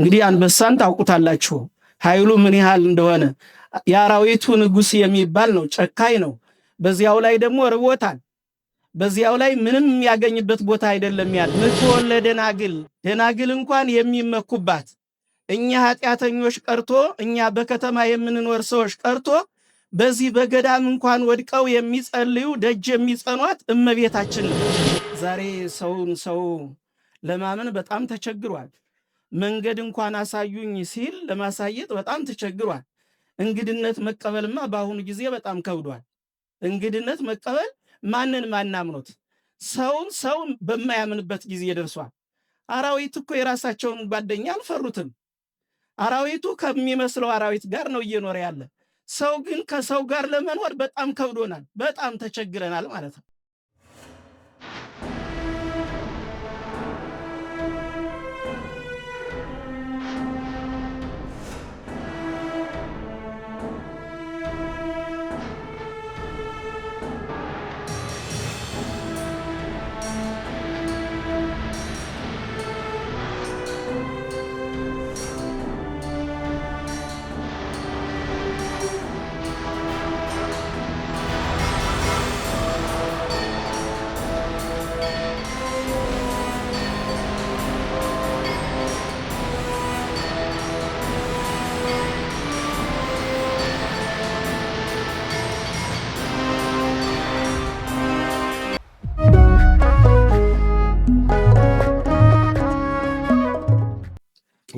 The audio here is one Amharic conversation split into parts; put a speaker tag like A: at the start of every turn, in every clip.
A: እንግዲህ አንበሳን ታውቁታላችሁ ኃይሉ ምን ያህል እንደሆነ። የአራዊቱ ንጉሥ የሚባል ነው፣ ጨካኝ ነው። በዚያው ላይ ደግሞ ርቦታል። በዚያው ላይ ምንም የሚያገኝበት ቦታ አይደለም ያለ ምትሆን ለደናግል ደናግል እንኳን የሚመኩባት እኛ ኃጢአተኞች ቀርቶ እኛ በከተማ የምንኖር ሰዎች ቀርቶ በዚህ በገዳም እንኳን ወድቀው የሚጸልዩ ደጅ የሚጸኗት እመቤታችን ነው። ዛሬ ሰውን ሰው ለማመን በጣም ተቸግሯል። መንገድ እንኳን አሳዩኝ ሲል ለማሳየት በጣም ተቸግሯል። እንግድነት መቀበልማ በአሁኑ ጊዜ በጣም ከብዷል። እንግድነት መቀበል ማንን ማናምኖት ሰውን ሰው በማያምንበት ጊዜ ደርሷል። አራዊት እኮ የራሳቸውን ጓደኛ አልፈሩትም። አራዊቱ ከሚመስለው አራዊት ጋር ነው እየኖረ ያለ። ሰው ግን ከሰው ጋር ለመኖር በጣም ከብዶናል፣ በጣም ተቸግረናል ማለት ነው።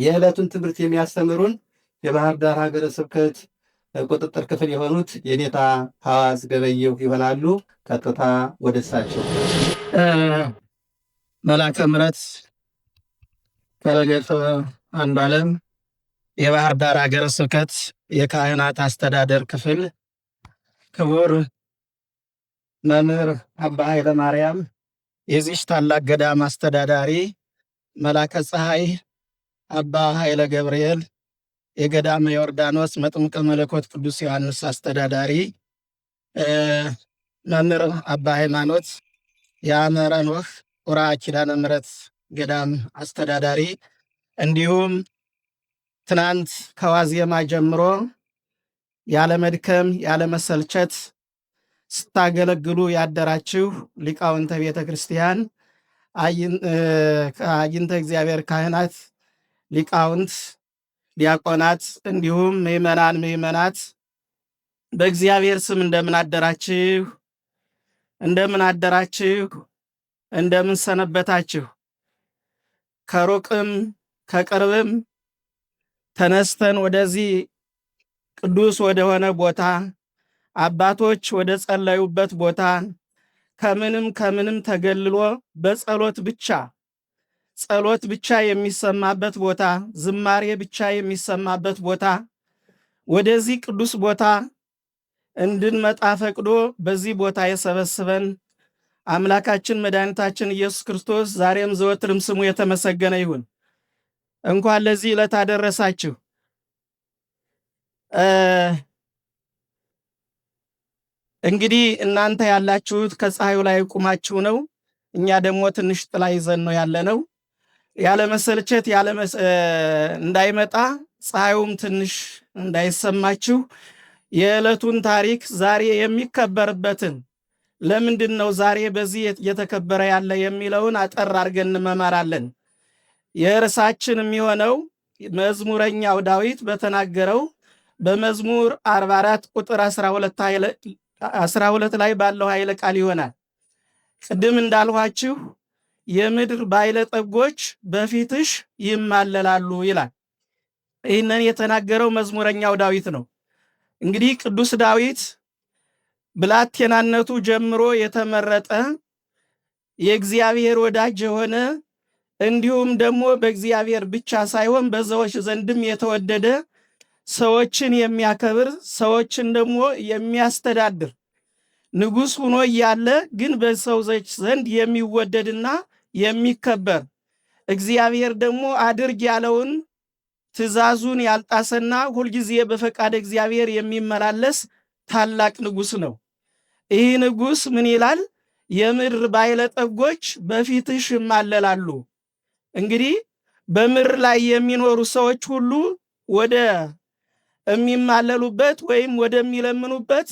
A: የዕለቱን ትምህርት የሚያስተምሩን የባህር ዳር ሀገረ ስብከት ቁጥጥር ክፍል የሆኑት የኔታ ሐዋዝ ገበየሁ ይሆናሉ። ቀጥታ ወደ እሳቸው
B: መላከ ምረት ፈለገ አንዱ ዓለም የባህር ዳር ሀገረ ስብከት የካህናት አስተዳደር ክፍል ክቡር መምህር አባ ኃይለ ማርያም የዚች ታላቅ ገዳም አስተዳዳሪ መላከ ፀሐይ አባ ኃይለ ገብርኤል የገዳመ ዮርዳኖስ መጥምቀ መለኮት ቅዱስ ዮሐንስ አስተዳዳሪ፣ መምህር አባ ሃይማኖት የአመረ ኖህ ኡራ ኪዳነ ምሕረት ገዳም አስተዳዳሪ፣ እንዲሁም ትናንት ከዋዜማ ጀምሮ ያለመድከም ያለመሰልቸት ስታገለግሉ ያደራችሁ ሊቃውንተ ቤተ ክርስቲያን፣ እግዚአብሔር ካህናት ሊቃውንት፣ ዲያቆናት እንዲሁም ምእመናን ምእመናት በእግዚአብሔር ስም እንደምን አደራችሁ? እንደምን አደራችሁ? እንደምን ሰነበታችሁ? ከሩቅም ከቅርብም ተነስተን ወደዚህ ቅዱስ ወደሆነ ቦታ አባቶች ወደ ጸለዩበት ቦታ ከምንም ከምንም ተገልሎ በጸሎት ብቻ ጸሎት ብቻ የሚሰማበት ቦታ፣ ዝማሬ ብቻ የሚሰማበት ቦታ ወደዚህ ቅዱስ ቦታ እንድንመጣ ፈቅዶ በዚህ ቦታ የሰበስበን አምላካችን መድኃኒታችን ኢየሱስ ክርስቶስ ዛሬም ዘወትርም ስሙ የተመሰገነ ይሁን። እንኳን ለዚህ ዕለት አደረሳችሁ። እንግዲህ እናንተ ያላችሁት ከፀሐዩ ላይ ቁማችሁ ነው። እኛ ደግሞ ትንሽ ጥላ ይዘን ነው ያለነው። ያለመሰልቸት እንዳይመጣ ፀሐዩም ትንሽ እንዳይሰማችሁ የዕለቱን ታሪክ ዛሬ የሚከበርበትን ለምንድን ነው ዛሬ በዚህ እየተከበረ ያለ የሚለውን አጠር አድርገን እንመማራለን። የርሳችን የሚሆነው መዝሙረኛው ዳዊት በተናገረው በመዝሙር 44 ቁጥር 12 ላይ ባለው ኃይለ ቃል ይሆናል። ቅድም እንዳልኋችሁ የምድር ባለጠጎች በፊትሽ ይማለላሉ ይላል። ይህንን የተናገረው መዝሙረኛው ዳዊት ነው። እንግዲህ ቅዱስ ዳዊት ብላቴናነቱ ጀምሮ የተመረጠ የእግዚአብሔር ወዳጅ የሆነ እንዲሁም ደግሞ በእግዚአብሔር ብቻ ሳይሆን በሰዎች ዘንድም የተወደደ ሰዎችን የሚያከብር ሰዎችን ደግሞ የሚያስተዳድር ንጉሥ ሆኖ እያለ ግን በሰው ዘንድ የሚወደድና የሚከበር እግዚአብሔር ደግሞ አድርግ ያለውን ትእዛዙን ያልጣሰና ሁልጊዜ በፈቃድ እግዚአብሔር የሚመላለስ ታላቅ ንጉሥ ነው። ይህ ንጉሥ ምን ይላል? የምድር ባለጠጎች በፊትሽ ይማለላሉ። እንግዲህ በምድር ላይ የሚኖሩ ሰዎች ሁሉ ወደ የሚማለሉበት ወይም ወደሚለምኑበት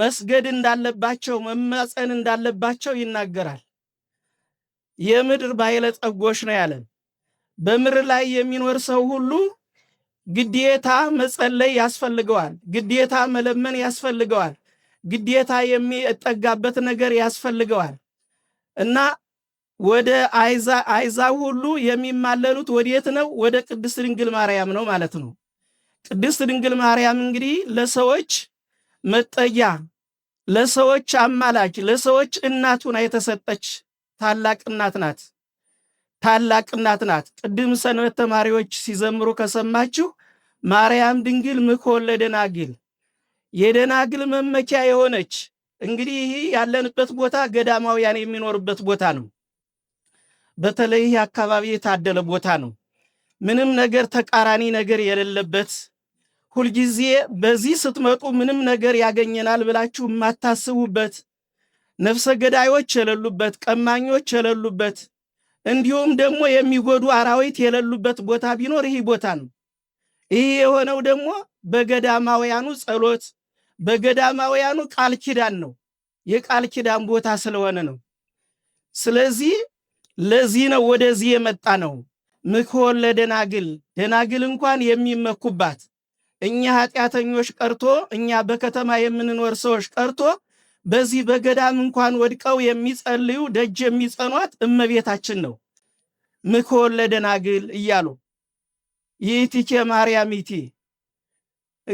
B: መስገድ እንዳለባቸው መማፀን እንዳለባቸው ይናገራል። የምድር ባለጸጎች ነው ያለን። በምድር ላይ የሚኖር ሰው ሁሉ ግዴታ መጸለይ ያስፈልገዋል። ግዴታ መለመን ያስፈልገዋል። ግዴታ የሚጠጋበት ነገር ያስፈልገዋል እና ወደ አይዛብ ሁሉ የሚማለሉት ወዴት ነው? ወደ ቅድስት ድንግል ማርያም ነው ማለት ነው። ቅድስት ድንግል ማርያም እንግዲህ ለሰዎች መጠጊያ፣ ለሰዎች አማላች፣ ለሰዎች እናቱና የተሰጠች ታላቅ እናት ናት። ታላቅ እናት ናት። ቅድም ሰንበት ተማሪዎች ሲዘምሩ ከሰማችሁ ማርያም ድንግል ምኮን ለደናግል የደናግል መመኪያ የሆነች እንግዲህ ያለንበት ቦታ ገዳማውያን የሚኖርበት ቦታ ነው። በተለይ አካባቢ የታደለ ቦታ ነው። ምንም ነገር ተቃራኒ ነገር የሌለበት ሁልጊዜ በዚህ ስትመጡ ምንም ነገር ያገኘናል ብላችሁ የማታስቡበት ነፍሰ ገዳዮች የሌሉበት፣ ቀማኞች የሌሉበት፣ እንዲሁም ደግሞ የሚጎዱ አራዊት የሌሉበት ቦታ ቢኖር ይህ ቦታ ነው። ይህ የሆነው ደግሞ በገዳማውያኑ ጸሎት፣ በገዳማውያኑ ቃል ኪዳን ነው። የቃል ኪዳን ቦታ ስለሆነ ነው። ስለዚህ ለዚህ ነው ወደዚህ የመጣ ነው። ምክሆን ለደናግል ደናግል እንኳን የሚመኩባት እኛ ኃጢአተኞች ቀርቶ እኛ በከተማ የምንኖር ሰዎች ቀርቶ በዚህ በገዳም እንኳን ወድቀው የሚጸልዩ ደጅ የሚጸኗት እመቤታችን ነው። ምክር ለደናግል እያሉ ይእቲኬ ማርያም ይእቲ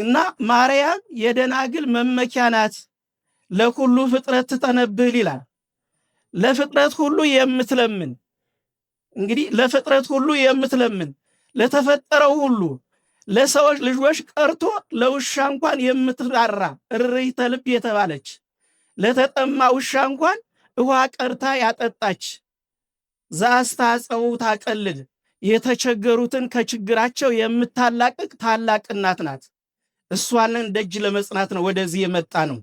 B: እና ማርያም የደናግል መመኪያ ናት፣ ለሁሉ ፍጥረት ትጠነብል ይላል። ለፍጥረት ሁሉ የምትለምን እንግዲህ ለፍጥረት ሁሉ የምትለምን ለተፈጠረው ሁሉ ለሰዎች ልጆች ቀርቶ ለውሻ እንኳን የምትራራ እርህተ ልብ የተባለች ለተጠማ ውሻ እንኳን ውሃ ቀርታ ያጠጣች ዘአስተሐጽኡ ታቀልል የተቸገሩትን ከችግራቸው የምታላቅቅ ታላቅ እናት ናት። እሷንን ደጅ ለመጽናት ነው ወደዚህ የመጣ ነው።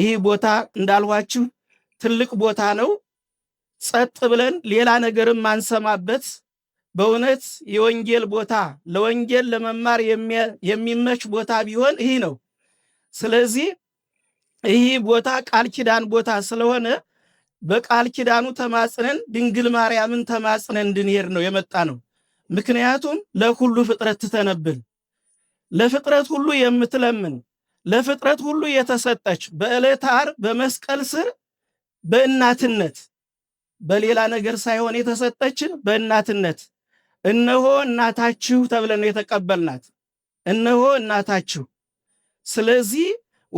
B: ይህ ቦታ እንዳልኋችሁ ትልቅ ቦታ ነው። ጸጥ ብለን ሌላ ነገርም ማንሰማበት በእውነት የወንጌል ቦታ ለወንጌል ለመማር የሚመች ቦታ ቢሆን ይህ ነው። ስለዚህ ይህ ቦታ ቃል ኪዳን ቦታ ስለሆነ በቃል ኪዳኑ ተማጽነን ድንግል ማርያምን ተማጽነን እንድንሄድ ነው የመጣ ነው። ምክንያቱም ለሁሉ ፍጥረት ትተነብል ለፍጥረት ሁሉ የምትለምን ለፍጥረት ሁሉ የተሰጠች በዕለተ ዓርብ በመስቀል ስር በእናትነት በሌላ ነገር ሳይሆን የተሰጠችን በእናትነት እነሆ እናታችሁ ተብለን የተቀበልናት እነሆ እናታችሁ ስለዚህ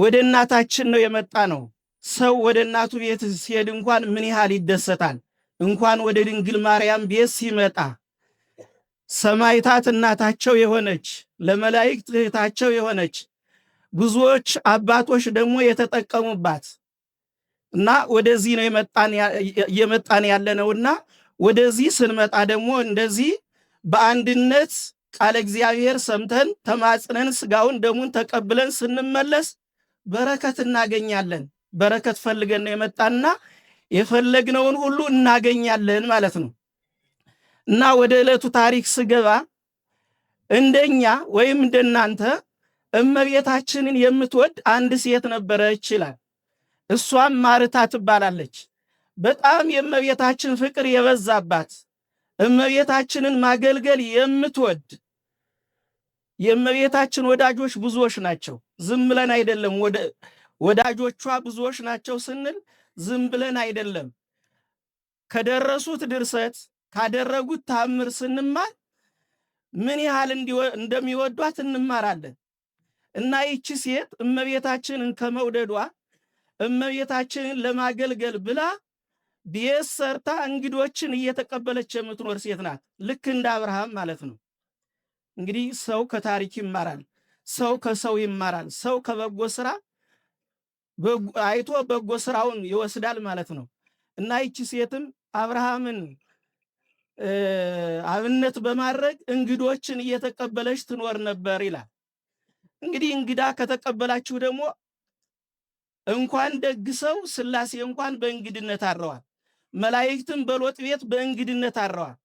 B: ወደ እናታችን ነው የመጣ ነው። ሰው ወደ እናቱ ቤት ሲሄድ እንኳን ምን ያህል ይደሰታል። እንኳን ወደ ድንግል ማርያም ቤት ሲመጣ ሰማይታት እናታቸው የሆነች ለመላእክት እህታቸው የሆነች ብዙዎች አባቶች ደግሞ የተጠቀሙባት እና ወደዚህ ነው የመጣን ያለነውና ወደዚህ ስንመጣ ደግሞ እንደዚህ በአንድነት ቃለ እግዚአብሔር ሰምተን ተማጽነን ስጋውን ደሙን ተቀብለን ስንመለስ በረከት እናገኛለን። በረከት ፈልገን ነው የመጣና የፈለግነውን ሁሉ እናገኛለን ማለት ነው። እና ወደ ዕለቱ ታሪክ ስገባ እንደኛ ወይም እንደናንተ እመቤታችንን የምትወድ አንድ ሴት ነበረች ይላል። እሷም ማርታ ትባላለች። በጣም የእመቤታችን ፍቅር የበዛባት እመቤታችንን ማገልገል የምትወድ የእመቤታችን ወዳጆች ብዙዎች ናቸው። ዝም ብለን አይደለም። ወዳጆቿ ብዙዎች ናቸው ስንል ዝም ብለን አይደለም። ከደረሱት ድርሰት ካደረጉት ታምር ስንማር ምን ያህል እንደሚወዷት እንማራለን እና ይቺ ሴት እመቤታችንን ከመውደዷ እመቤታችንን ለማገልገል ብላ ቤት ሰርታ እንግዶችን እየተቀበለች የምትኖር ሴት ናት። ልክ እንደ አብርሃም ማለት ነው። እንግዲህ ሰው ከታሪክ ይማራል። ሰው ከሰው ይማራል። ሰው ከበጎ ስራ አይቶ በጎ ስራውን ይወስዳል ማለት ነው እና ይቺ ሴትም አብርሃምን አብነት በማድረግ እንግዶችን እየተቀበለች ትኖር ነበር ይላል። እንግዲህ እንግዳ ከተቀበላችሁ ደግሞ እንኳን ደግ ሰው ስላሴ እንኳን በእንግድነት አድረዋል። መላእክትም በሎጥ ቤት በእንግድነት አድረዋል።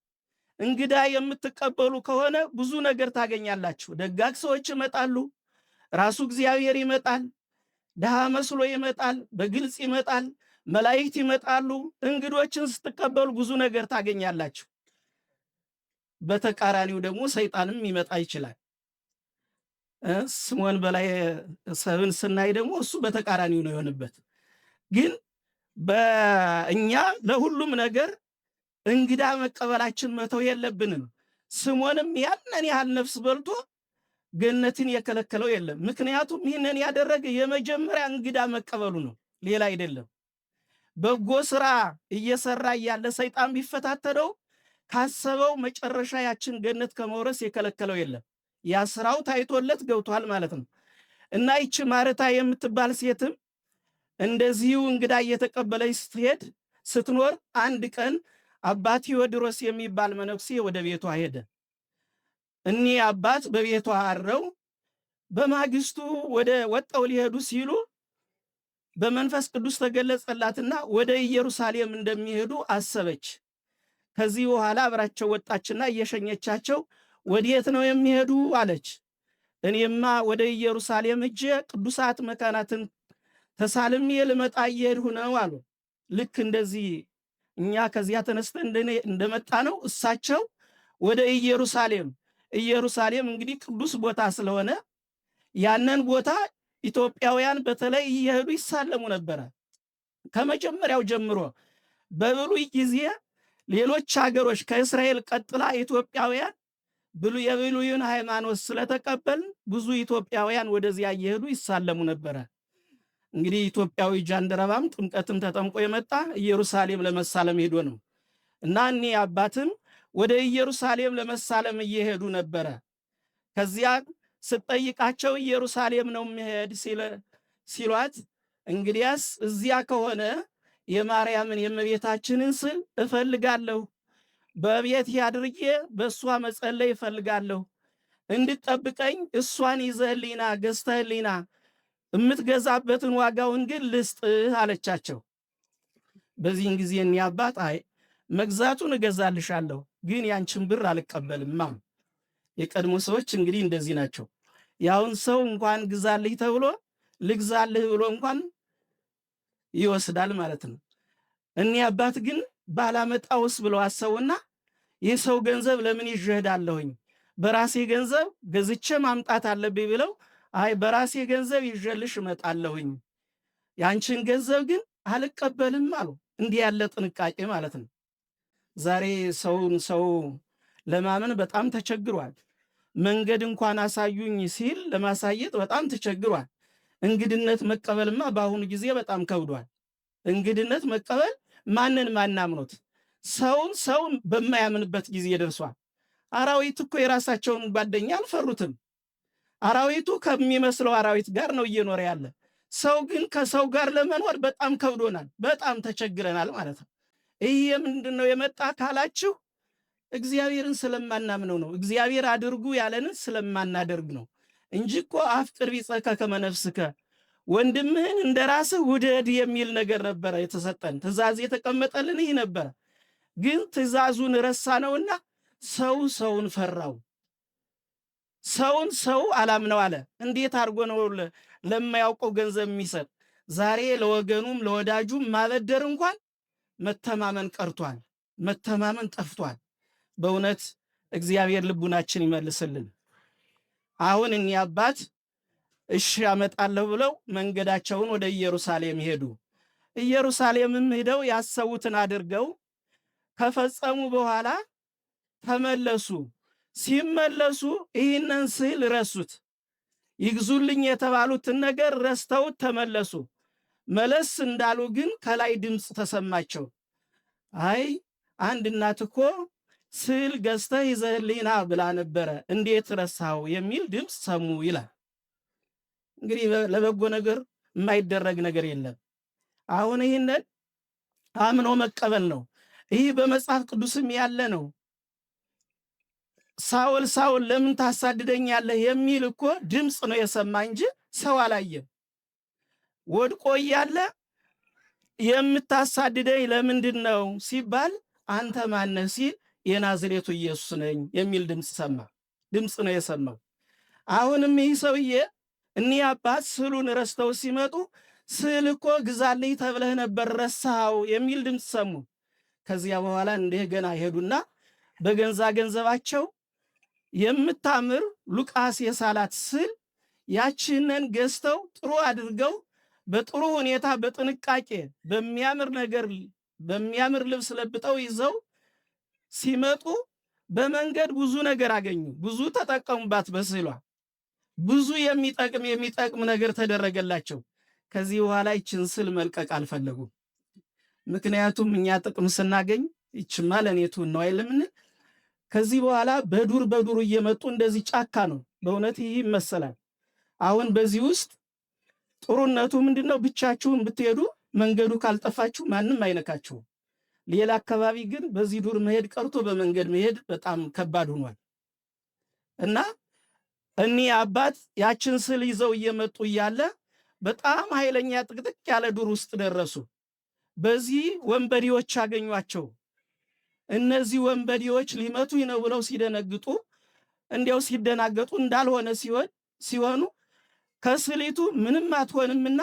B: እንግዳ የምትቀበሉ ከሆነ ብዙ ነገር ታገኛላችሁ። ደጋግ ሰዎች ይመጣሉ። ራሱ እግዚአብሔር ይመጣል። ድሃ መስሎ ይመጣል። በግልጽ ይመጣል። መላእክት ይመጣሉ። እንግዶችን ስትቀበሉ ብዙ ነገር ታገኛላችሁ። በተቃራኒው ደግሞ ሰይጣንም ይመጣ ይችላል። ስምዖን በላይ ሰብን ስናይ ደግሞ እሱ በተቃራኒው ነው የሆንበት ግን በእኛ ለሁሉም ነገር እንግዳ መቀበላችን መተው የለብንም። ስሞንም ያንን ያህል ነፍስ በልቶ ገነትን የከለከለው የለም። ምክንያቱም ይህንን ያደረገ የመጀመሪያ እንግዳ መቀበሉ ነው፣ ሌላ አይደለም። በጎ ስራ እየሰራ እያለ ሰይጣን ቢፈታተለው ካሰበው መጨረሻ ያችን ገነት ከመውረስ የከለከለው የለም። ያ ስራው ታይቶለት ገብቷል ማለት ነው። እና ይቺ ማርታ የምትባል ሴትም እንደዚሁ እንግዳ እየተቀበለች ስትሄድ ስትኖር አንድ ቀን አባ ቴዎድሮስ የሚባል መነኩሴ ወደ ቤቷ ሄደ። እኒህ አባት በቤቷ አረው በማግስቱ ወደ ወጠው ሊሄዱ ሲሉ በመንፈስ ቅዱስ ተገለጸላትና ወደ ኢየሩሳሌም እንደሚሄዱ አሰበች። ከዚህ በኋላ አብራቸው ወጣችና እየሸኘቻቸው ወዴት ነው የሚሄዱ አለች። እኔማ ወደ ኢየሩሳሌም እጄ ቅዱሳት መካናትን ተሳልሜ ልመጣ እየሄድሁ ነው አሉ። ልክ እንደዚህ እኛ ከዚያ ተነስተን እንደመጣ ነው እሳቸው ወደ ኢየሩሳሌም። ኢየሩሳሌም እንግዲህ ቅዱስ ቦታ ስለሆነ ያንን ቦታ ኢትዮጵያውያን በተለይ እየሄዱ ይሳለሙ ነበረ። ከመጀመሪያው ጀምሮ በብሉይ ጊዜ ሌሎች ሀገሮች ከእስራኤል ቀጥላ ኢትዮጵያውያን የብሉይን ሃይማኖት ስለተቀበልን ብዙ ኢትዮጵያውያን ወደዚያ እየሄዱ ይሳለሙ ነበረ። እንግዲህ ኢትዮጵያዊ ጃንደረባም ጥምቀትም ተጠምቆ የመጣ ኢየሩሳሌም ለመሳለም ሄዶ ነው እና እኔ አባትም ወደ ኢየሩሳሌም ለመሳለም እየሄዱ ነበረ። ከዚያ ስጠይቃቸው ኢየሩሳሌም ነው የሚሄድ ሲሏት፣ እንግዲያስ እዚያ ከሆነ የማርያምን የእመቤታችንን ስል እፈልጋለሁ በቤት ያድርጌ በእሷ መጸለይ እፈልጋለሁ እንድጠብቀኝ እሷን ይዘህልኝና ገዝተህልኝና የምትገዛበትን ዋጋውን ግን ልስጥህ አለቻቸው። በዚህን ጊዜ እኒ አባት አይ መግዛቱን እገዛልሻለሁ ግን ያንችን ብር አልቀበልም የቀድሞ ሰዎች እንግዲህ እንደዚህ ናቸው። ያሁን ሰው እንኳን ግዛልህ ተብሎ ልግዛልህ ብሎ እንኳን ይወስዳል ማለት ነው። እኒ አባት ግን ባላመጣውስ ብለው አሰቡና የሰው ገንዘብ ለምን ይዤ እሄዳለሁኝ? በራሴ ገንዘብ ገዝቼ ማምጣት አለብኝ ብለው አይ በራሴ ገንዘብ ይዤልሽ እመጣለሁኝ ያንቺን ገንዘብ ግን አልቀበልም አሉ። እንዲህ ያለ ጥንቃቄ ማለት ነው። ዛሬ ሰውን ሰው ለማመን በጣም ተቸግሯል። መንገድ እንኳን አሳዩኝ ሲል ለማሳየት በጣም ተቸግሯል። እንግድነት መቀበልማ በአሁኑ ጊዜ በጣም ከብዷል። እንግድነት መቀበል ማንን ማናምኖት ሰውን ሰውን በማያምንበት ጊዜ ደርሷል። አራዊት እኮ የራሳቸውን ጓደኛ አልፈሩትም። አራዊቱ ከሚመስለው አራዊት ጋር ነው እየኖረ ያለ። ሰው ግን ከሰው ጋር ለመኖር በጣም ከብዶናል፣ በጣም ተቸግረናል ማለት ነው። ይህ ምንድን ነው የመጣ ካላችሁ እግዚአብሔርን ስለማናምነው ነው። እግዚአብሔር አድርጉ ያለንን ስለማናደርግ ነው እንጂ እኮ አፍቅር ቢጸከ ከመነፍስከ ወንድምህን እንደ ራስህ ውደድ የሚል ነገር ነበረ የተሰጠን ትእዛዝ የተቀመጠልን ይህ ነበረ። ግን ትእዛዙን ረሳ ነውና ሰው ሰውን ፈራው። ሰውን ሰው አላምነው አለ። እንዴት አድርጎ ነው ለማያውቀው ገንዘብ የሚሰጥ? ዛሬ ለወገኑም ለወዳጁም ማበደር እንኳን መተማመን ቀርቷል። መተማመን ጠፍቷል። በእውነት እግዚአብሔር ልቡናችን ይመልስልን። አሁን እኒህ አባት እሺ አመጣለሁ ብለው መንገዳቸውን ወደ ኢየሩሳሌም ሄዱ። ኢየሩሳሌምም ሄደው ያሰቡትን አድርገው ከፈጸሙ በኋላ ተመለሱ። ሲመለሱ ይህንን ስዕል ረሱት። ይግዙልኝ የተባሉትን ነገር ረስተውት ተመለሱ። መለስ እንዳሉ ግን ከላይ ድምፅ ተሰማቸው። አይ አንድ እናት እኮ ስዕል ገዝተህ ይዘህልኝና ብላ ነበረ እንዴት ረሳው የሚል ድምፅ ሰሙ ይላል። እንግዲህ ለበጎ ነገር የማይደረግ ነገር የለም። አሁን ይህንን አምኖ መቀበል ነው። ይህ በመጽሐፍ ቅዱስም ያለ ነው። ሳውል ሳውል ለምን ታሳድደኛለህ የሚል እኮ ድምፅ ነው የሰማ እንጂ ሰው አላየም። ወድቆ እያለ የምታሳድደኝ ለምንድን ነው ሲባል አንተ ማነህ ሲል የናዝሬቱ ኢየሱስ ነኝ የሚል ድምፅ ሰማ። ድምፅ ነው የሰማው። አሁንም ይህ ሰውዬ እኒህ አባት ስዕሉን ረስተው ሲመጡ ስዕል እኮ ግዛልኝ ተብለህ ነበር ረሳኸው የሚል ድምፅ ሰሙ። ከዚያ በኋላ እንደገና ሄዱና በገንዛ ገንዘባቸው የምታምር ሉቃስ የሳላት ስዕል ያችንን ገዝተው ጥሩ አድርገው በጥሩ ሁኔታ በጥንቃቄ በሚያምር ነገር በሚያምር ልብስ ለብጠው ይዘው ሲመጡ በመንገድ ብዙ ነገር አገኙ። ብዙ ተጠቀሙባት። በስዕሏ ብዙ የሚጠቅም የሚጠቅም ነገር ተደረገላቸው። ከዚህ በኋላ ይችን ስዕል መልቀቅ አልፈለጉም። ምክንያቱም እኛ ጥቅም ስናገኝ ይችማ ለእኔቱ ነው አይልምን ከዚህ በኋላ በዱር በዱር እየመጡ እንደዚህ ጫካ ነው። በእውነት ይህ ይመሰላል። አሁን በዚህ ውስጥ ጥሩነቱ ምንድን ነው? ብቻችሁን ብትሄዱ መንገዱ ካልጠፋችሁ ማንም አይነካችሁም። ሌላ አካባቢ ግን በዚህ ዱር መሄድ ቀርቶ በመንገድ መሄድ በጣም ከባድ ሆኗል እና እኒህ አባት ያችን ስዕል ይዘው እየመጡ እያለ በጣም ኃይለኛ ጥቅጥቅ ያለ ዱር ውስጥ ደረሱ። በዚህ ወንበዴዎች አገኟቸው። እነዚህ ወንበዴዎች ሊመቱ ነው ብለው ሲደነግጡ እንዲያው ሲደናገጡ እንዳልሆነ ሲሆን ሲሆኑ ከስሊቱ ምንም አትሆንምና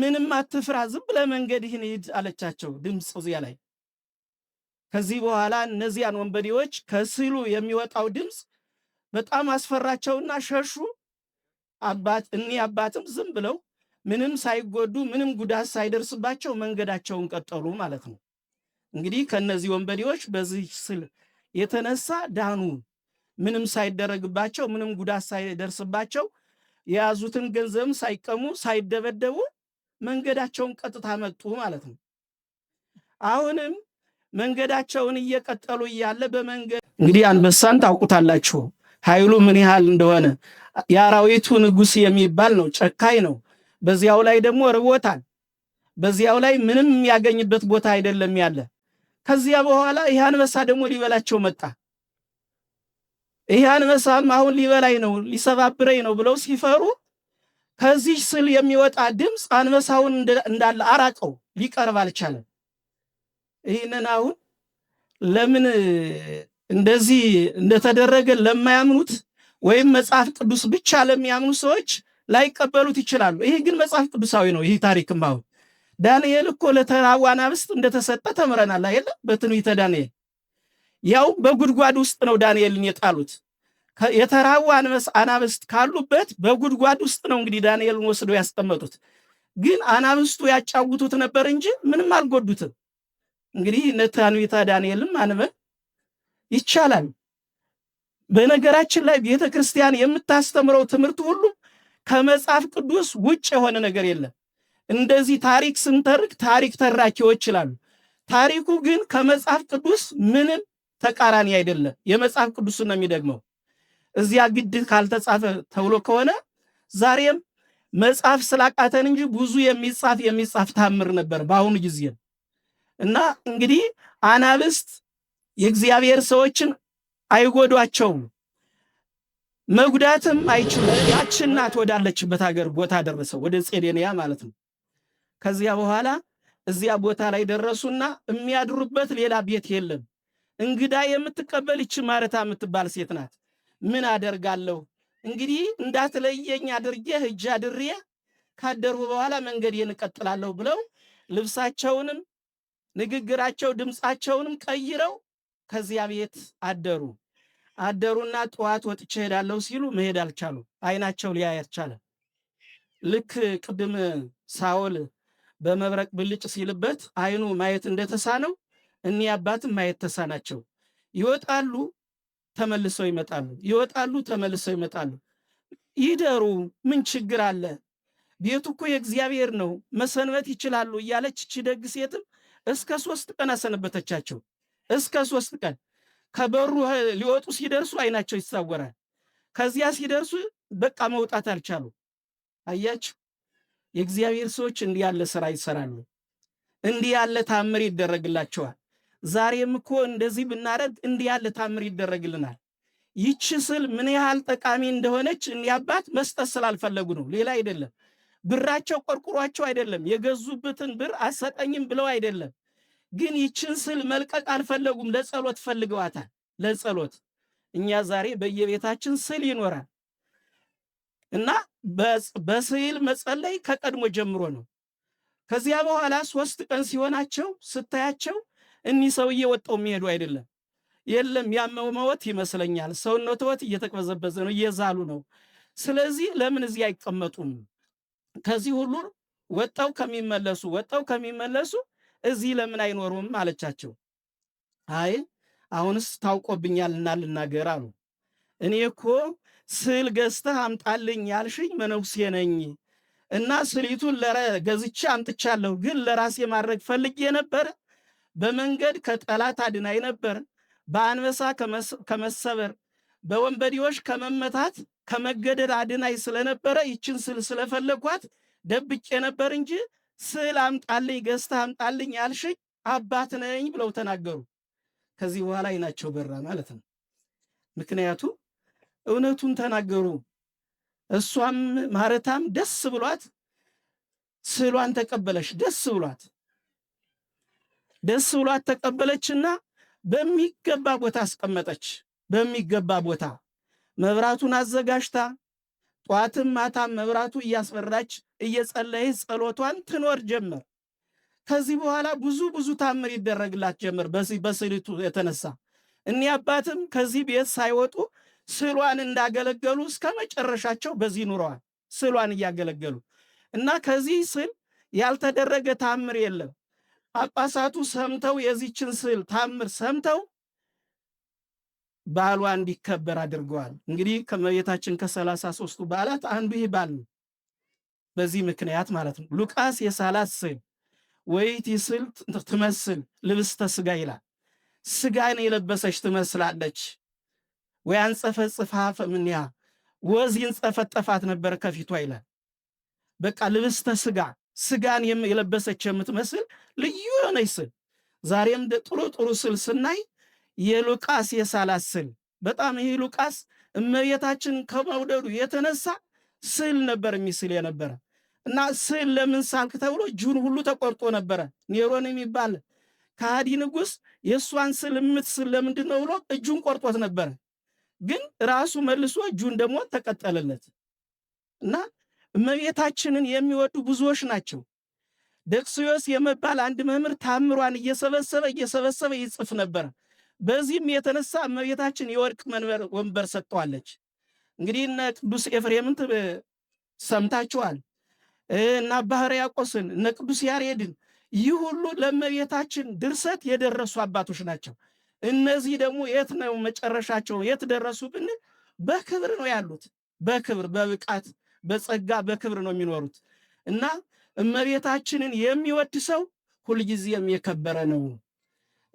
B: ምንም አትፍራ፣ ዝም ብለህ መንገድህን ሂድ አለቻቸው። ድምፅ እዚያ ላይ ከዚህ በኋላ እነዚያን ወንበዴዎች ከስሉ የሚወጣው ድምፅ በጣም አስፈራቸውና ሸሹ። አባት እኒህ አባትም ዝም ብለው ምንም ሳይጎዱ ምንም ጉዳት ሳይደርስባቸው መንገዳቸውን ቀጠሉ ማለት ነው። እንግዲህ ከነዚህ ወንበዴዎች በዚህ ስል የተነሳ ዳኑ። ምንም ሳይደረግባቸው፣ ምንም ጉዳት ሳይደርስባቸው፣ የያዙትን ገንዘብም ሳይቀሙ፣ ሳይደበደቡ መንገዳቸውን ቀጥታ መጡ ማለት ነው። አሁንም መንገዳቸውን እየቀጠሉ እያለ በመንገድ
A: እንግዲህ አንበሳን ታውቁታላችሁ ኃይሉ ምን ያህል እንደሆነ። የአራዊቱ ንጉሥ የሚባል ነው፣ ጨካኝ ነው። በዚያው ላይ ደግሞ ርቦታል። በዚያው ላይ ምንም የሚያገኝበት ቦታ አይደለም ያለ ከዚያ በኋላ ይህ አንበሳ ደግሞ ሊበላቸው መጣ። ይህ አንበሳም አሁን ሊበላይ ነው፣ ሊሰባብረኝ ነው ብለው ሲፈሩ ከዚህ ስል የሚወጣ ድምፅ አንበሳውን እንዳለ አራቀው፣ ሊቀርብ አልቻለም። ይህንን አሁን ለምን እንደዚህ እንደተደረገ ለማያምኑት ወይም መጽሐፍ ቅዱስ ብቻ ለሚያምኑ ሰዎች ላይቀበሉት ይችላሉ። ይህ ግን መጽሐፍ ቅዱሳዊ ነው። ይህ ታሪክም አሁን ዳንኤል እኮ ለተራቡ አናብስት እንደተሰጠ ተምረናል አይደለ? በትንቢተ ዳንኤል ያው በጉድጓድ ውስጥ ነው ዳንኤልን የጣሉት። የተራቡ አናብስት ካሉበት በጉድጓድ ውስጥ ነው እንግዲህ ዳንኤልን ወስደው ያስቀመጡት። ግን አናብስቱ ያጫውቱት ነበር እንጂ ምንም አልጎዱትም። እንግዲህ ትንቢተ ዳንኤልን ማንበብ ይቻላል። በነገራችን ላይ ቤተ ክርስቲያን የምታስተምረው ትምህርት ሁሉ ከመጽሐፍ ቅዱስ ውጭ የሆነ ነገር የለም። እንደዚህ ታሪክ ስንተርክ ታሪክ ተራኪዎች ይላሉ። ታሪኩ ግን ከመጽሐፍ ቅዱስ ምንም ተቃራኒ አይደለም። የመጽሐፍ ቅዱስን ነው የሚደግመው። እዚያ ግድ ካልተጻፈ ተብሎ ከሆነ ዛሬም መጽሐፍ ስላቃተን እንጂ ብዙ የሚጻፍ የሚጻፍ ታምር ነበር በአሁኑ ጊዜ እና እንግዲህ አናብስት የእግዚአብሔር ሰዎችን አይጎዷቸውም፣ መጉዳትም አይችሉም። ያችን ናት ወዳለችበት ሀገር ቦታ ደረሰው፣ ወደ ጼዴንያ ማለት ነው። ከዚያ በኋላ እዚያ ቦታ ላይ ደረሱና የሚያድሩበት ሌላ ቤት የለም። እንግዳ የምትቀበል ይች ማረታ የምትባል ሴት ናት። ምን አደርጋለሁ እንግዲህ እንዳትለየኝ አድርጌ እጅ አድሬ ካደርሁ በኋላ መንገዴን እቀጥላለሁ ብለው ልብሳቸውንም ንግግራቸው ድምፃቸውንም ቀይረው ከዚያ ቤት አደሩ። አደሩና ጠዋት ወጥቼ እሄዳለሁ ሲሉ መሄድ አልቻሉ። አይናቸው ሊያይ ልክ ቅድም ሳውል? በመብረቅ ብልጭ ሲልበት አይኑ ማየት እንደተሳነው እኒህ አባትም ማየት ተሳናቸው። ይወጣሉ፣ ተመልሰው ይመጣሉ፣ ይወጣሉ፣ ተመልሰው ይመጣሉ። ይደሩ፣ ምን ችግር አለ? ቤቱ እኮ የእግዚአብሔር ነው፣ መሰንበት ይችላሉ እያለች እቺ ደግ ሴትም እስከ ሶስት ቀን አሰነበተቻቸው። እስከ ሶስት ቀን ከበሩ ሊወጡ ሲደርሱ አይናቸው ይሳወራል። ከዚያ ሲደርሱ በቃ መውጣት አልቻሉ። አያችሁ የእግዚአብሔር ሰዎች እንዲህ ያለ ስራ ይሰራሉ። እንዲህ ያለ ታምር ይደረግላቸዋል። ዛሬም እኮ እንደዚህ ብናረግ እንዲህ ያለ ታምር ይደረግልናል። ይቺ ስል ምን ያህል ጠቃሚ እንደሆነች እኒ አባት መስጠት ስላልፈለጉ ነው፣ ሌላ አይደለም። ብራቸው ቆርቁሯቸው አይደለም፣ የገዙበትን ብር አሰጠኝም ብለው አይደለም። ግን ይችን ስል መልቀቅ አልፈለጉም። ለጸሎት ፈልገዋታል። ለጸሎት እኛ ዛሬ በየቤታችን ስል ይኖራል። እና በስዕል መጸለይ ከቀድሞ ጀምሮ ነው። ከዚያ በኋላ ሶስት ቀን ሲሆናቸው ስታያቸው እኒህ ሰውዬ ወጣው የሚሄዱ አይደለም። የለም መወት ይመስለኛል፣ ሰውነት ወት እየተቀበዘበዘ ነው፣ እየዛሉ ነው። ስለዚህ ለምን እዚህ አይቀመጡም? ከዚህ ሁሉ ወጣው ከሚመለሱ ወጣው ከሚመለሱ እዚህ ለምን አይኖሩም አለቻቸው። አይ አሁንስ ታውቆብኛልና ልናገር አሉ። እኔ እኮ ስዕል ገዝተህ አምጣልኝ ያልሽኝ መነኩሴ ነኝ እና ስሊቱን ገዝቼ አምጥቻለሁ፣ ግን ለራሴ ማድረግ ፈልጌ ነበር። በመንገድ ከጠላት አድናይ ነበር። በአንበሳ ከመሰበር በወንበዴዎች ከመመታት ከመገደል አድናይ ስለነበረ ይችን ስል ስለፈለግኳት ደብቄ ነበር እንጂ ስዕል አምጣልኝ ገዝተህ አምጣልኝ ያልሽኝ አባት ነኝ ብለው ተናገሩ። ከዚህ በኋላ አይናቸው በራ ማለት ነው። ምክንያቱም እውነቱን ተናገሩ። እሷም ማረታም ደስ ብሏት ስዕሏን ተቀበለች። ደስ ብሏት ደስ ብሏት ተቀበለችና በሚገባ ቦታ አስቀመጠች። በሚገባ ቦታ መብራቱን አዘጋጅታ ጧትም ማታም መብራቱ እያስበራች እየጸለየች ጸሎቷን ትኖር ጀመር። ከዚህ በኋላ ብዙ ብዙ ታምር ይደረግላት ጀመር በስዕሊቱ የተነሳ እኒህ አባትም ከዚህ ቤት ሳይወጡ ስዕሏን እንዳገለገሉ እስከ መጨረሻቸው በዚህ ኑረዋል። ስዕሏን እያገለገሉ እና ከዚህ ስዕል ያልተደረገ ታምር የለም። ጳጳሳቱ ሰምተው የዚችን ስዕል ታምር ሰምተው በዓሏ እንዲከበር አድርገዋል። እንግዲህ ከመቤታችን ከሰላሳ ሶስቱ በዓላት አንዱ ይህ በዓል ነው። በዚህ ምክንያት ማለት ነው ሉቃስ የሳላት ስዕል ወይት ስዕል ትመስል ልብስተ ስጋ ይላል። ስጋን የለበሰች ትመስላለች ወያንጸፈ ጽፋፍ ምንያ ወዝ ይንጸፈት ነበር ከፊቷ ይላል። በቃ ልብስተ ስጋ ስጋን የለበሰች የምትመስል ልዩ የሆነች ስል ዛሬም ጥሩ ጥሩ ስል ስናይ የሉቃስ የሳላት ስል በጣም ይህ ሉቃስ እመቤታችን ከመውደዱ የተነሳ ስዕል ነበር የሚስል የነበረ እና ስል ለምን ሳልክ ተብሎ እጁን ሁሉ ተቆርጦ ነበረ። ኔሮን የሚባል ከሃዲ ንጉሥ የእሷን ስል የምትስል ለምንድን ነው ብሎ እጁን ቆርጦት ነበረ። ግን ራሱ መልሶ እጁን ደግሞ ተቀጠለለት እና እመቤታችንን የሚወዱ ብዙዎች ናቸው። ደቅስዮስ የመባል አንድ መምህር ታምሯን እየሰበሰበ እየሰበሰበ ይጽፍ ነበር። በዚህም የተነሳ እመቤታችን የወርቅ መንበር ወንበር ሰጥተዋለች። እንግዲህ እነ ቅዱስ ኤፍሬምን ሰምታችኋል እና አባ ሕርያቆስን እነ ቅዱስ ያሬድን ይህ ሁሉ ለእመቤታችን ድርሰት የደረሱ አባቶች ናቸው። እነዚህ ደግሞ የት ነው መጨረሻቸው? የት ደረሱ ብንል በክብር ነው ያሉት። በክብር በብቃት በጸጋ በክብር ነው የሚኖሩት እና እመቤታችንን የሚወድ ሰው ሁልጊዜም የከበረ ነው።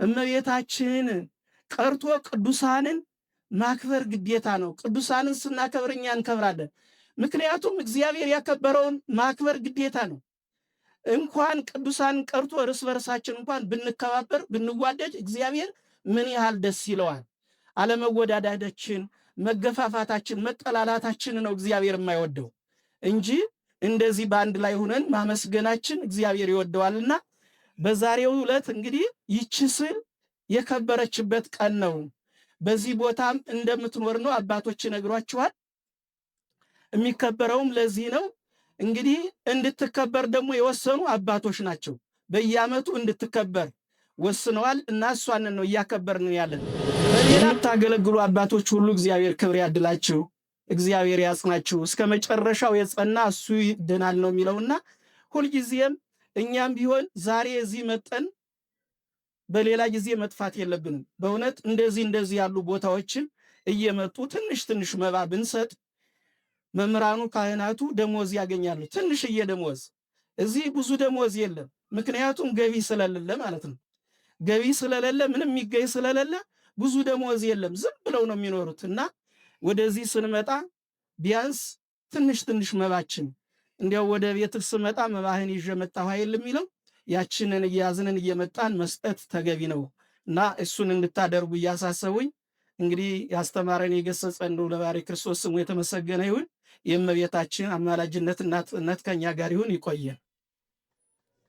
A: እመቤታችንን ቀርቶ ቅዱሳንን ማክበር ግዴታ ነው። ቅዱሳንን ስናከብር እኛ እንከብራለን። ምክንያቱም እግዚአብሔር ያከበረውን ማክበር ግዴታ ነው። እንኳን ቅዱሳንን ቀርቶ እርስ በርሳችን እንኳን ብንከባበር ብንዋደድ እግዚአብሔር ምን ያህል ደስ ይለዋል። አለመወዳዳዳችን፣ መገፋፋታችን፣ መጠላላታችን ነው እግዚአብሔር የማይወደው እንጂ እንደዚህ በአንድ ላይ ሆነን ማመስገናችን እግዚአብሔር ይወደዋልና በዛሬው ዕለት እንግዲህ ይቺ ስዕል የከበረችበት ቀን ነው። በዚህ ቦታም እንደምትኖር ነው አባቶች ይነግሯችኋል። የሚከበረውም ለዚህ ነው። እንግዲህ እንድትከበር ደግሞ የወሰኑ አባቶች ናቸው። በየዓመቱ እንድትከበር ወስነዋል እና እሷንን ነው እያከበርን ያለን። የምታገለግሉ አባቶች ሁሉ እግዚአብሔር ክብር ያድላችሁ፣ እግዚአብሔር ያጽናችሁ። እስከ መጨረሻው የጸና እሱ ይድናል ነው የሚለውና ሁልጊዜም እኛም ቢሆን ዛሬ እዚህ መጠን በሌላ ጊዜ መጥፋት የለብንም። በእውነት እንደዚህ እንደዚህ ያሉ ቦታዎችን እየመጡ ትንሽ ትንሽ መባ ብንሰጥ መምህራኑ፣ ካህናቱ ደሞዝ ያገኛሉ። ትንሽዬ ደሞዝ። እዚህ ብዙ ደሞዝ የለም፣ ምክንያቱም ገቢ ስለሌለ ማለት ነው። ገቢ ስለሌለ ምንም የሚገኝ ስለሌለ ብዙ ደሞዝ የለም፣ ዝም ብለው ነው የሚኖሩት። እና ወደዚህ ስንመጣ ቢያንስ ትንሽ ትንሽ መባችን እንዲያው ወደ ቤትህ ስመጣ መባህን ይዤ መጣሁ አይል የሚለው ያችንን እያዝንን እየመጣን መስጠት ተገቢ ነው እና እሱን እንድታደርጉ እያሳሰቡኝ እንግዲህ ያስተማረን የገሰጸን ነው። ለባሪ ክርስቶስ ስሙ የተመሰገነ ይሁን። የእመቤታችን አማላጅነት እናትነት ከኛ ጋር ይሁን። ይቆየን።